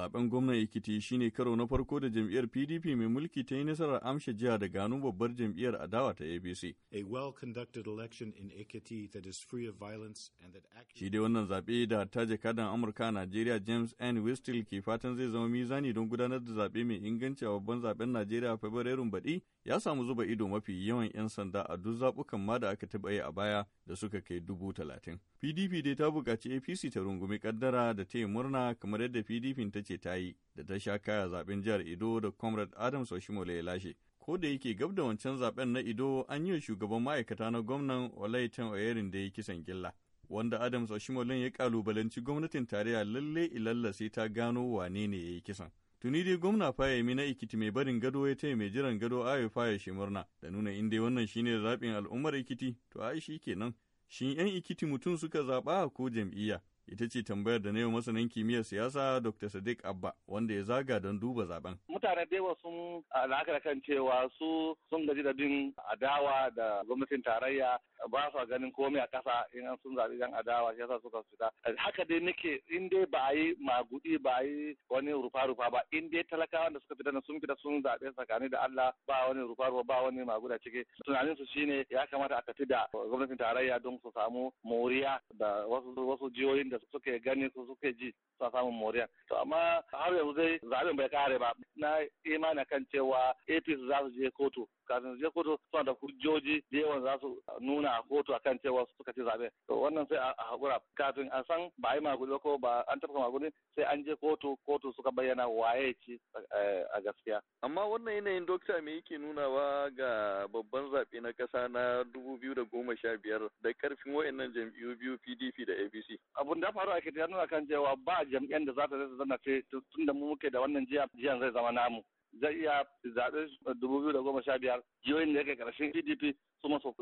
Zaben gwamnan Ekiti shine karo na farko da jam'iyyar PDP mai mulki ta yi nasarar amshe jiya da gano babbar jam'iyyar adawa ta ABC. A conducted election in Ekiti that is free of violence and Shi dai wannan zabe da ta jakadan Amurka a Najeriya James N. Whistle ke fatan zai zama mizani don gudanar da zabe mai inganci a babban zaben Najeriya Fabrairun baɗi ya samu zuba ido mafi yawan 'yan sanda a duk zaɓukan ma da aka taɓa yi a baya da suka kai dubu talatin. PDP dai ta buƙaci APC ta rungumi kaddara da ta yi murna kamar yadda PDP ta ce ce ta yi da ta sha kaya zaben jihar Ido da Comrade Adams Oshimole ya lashe. Ko da yake gab da wancan zaben na Ido an yi shugaban ma'aikata na gwamnan Olaitan Oyerin da ya kisan gilla. Wanda Adams Oshimole ya kalubalanci gwamnatin tarayya lalle ilalla sai ta gano wane ne ya yi kisan. Tuni dai gwamna Fayemi na Ikiti mai barin gado ya taya mai jiran gado Ayo Faye shi murna da nuna inda dai wannan shine zaɓin al'ummar Ikiti to ai shi kenan. Shin 'yan Ikiti mutum suka zaɓa ko jam'iyya? Ita ce tambayar da na yi masanin kimiyyar siyasa Dr. Sadiq Abba wanda ya zaga don duba zaben. Mutane da yawa sun la'akar kan cewa su sun gaji da bin adawa da gwamnatin tarayya ba su ganin komai a kasa in an sun zaɓi dan adawa shi yasa suka fita. Haka dai nake in dai ba a yi magudi ba a yi wani rufa-rufa ba in dai talakawa da suka fita na sun fita sun zaɓe tsakani da Allah ba wani rufa-rufa ba wani maguda ciki. Tunanin su shine ya kamata a tafi da gwamnatin tarayya don su samu moriya da wasu jihohin da suke gani su suke ji su samun moriya to amma har yanzu dai zaben bai kare ba na imani kan cewa apc za su je kotu kafin su je kotu suna da hujjoji da yawan za su nuna a kotu akan cewa su suka ci zaɓe to wannan sai a hakura kafin a san ba a yi maguli ko ba an tafka maguli sai an je kotu kotu suka bayyana waye ci eh, a gaskiya amma wannan yanayin dokta me yake nunawa ga babban zaɓe na ƙasa na dubu biyu goma sha biyar da karfin wayannan jam'iyyu biyu PDP da APC. Abun da faru a Ekiti ya nuna kan cewa ba jam'iyyar da za ta zai zana ce tun da mu muke da wannan jiya jiyan zai zama namu. zai iya zaɓe dubu biyu da goma sha biyar jihohin da yake ƙarshen pdp su ma su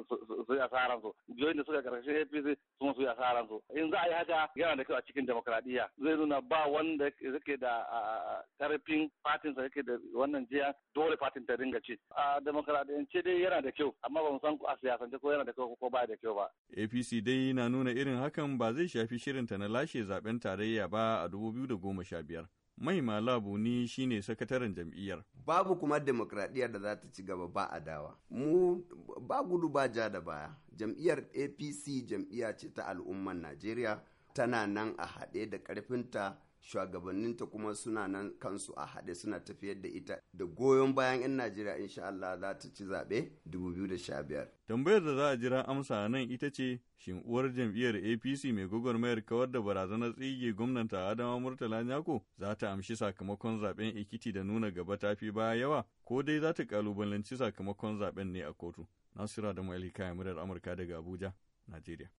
yi asaran su jihohin da suka ƙarshen apc su ma su yi asaran su in za a yi haka yana da kyau a cikin demokradiyya zai nuna ba wanda yake da karfin fatin sa yake da wannan jiya dole fatin ta dinga ci a demokradiyyance dai yana da kyau amma ba mu san a siyasance ko yana da kyau ko ba da kyau ba apc dai na nuna irin hakan ba zai shafi shirinta na lashe zaben tarayya ba a dubu biyu da goma sha biyar mai ni shine sakataren jam'iyyar. Babu kuma demokradiyya da za ta ci gaba ba dawa. Mu ba gudu ba ja da baya. Jam'iyyar APC jam'iyya ce ta al'umman Najeriya tana nan a haɗe da ƙarfinta shugabanninta kuma suna nan kansu a haɗe suna tafiyar da ita da goyon bayan 'yan Najeriya insha Allah za ta ci zaɓe 2015. Tambayar da za a jira amsa nan ita ce shin uwar jam'iyyar APC mai gwagwarmayar kawar da barazanar tsige ta Adama Murtala Nyako za ta amshi sakamakon zaben Ekiti da nuna gaba ta fi baya yawa ko dai za ta kalubalanci sakamakon zaben ne a kotu. Nasira da Malika Yamirar Amurka daga Abuja, Najeriya.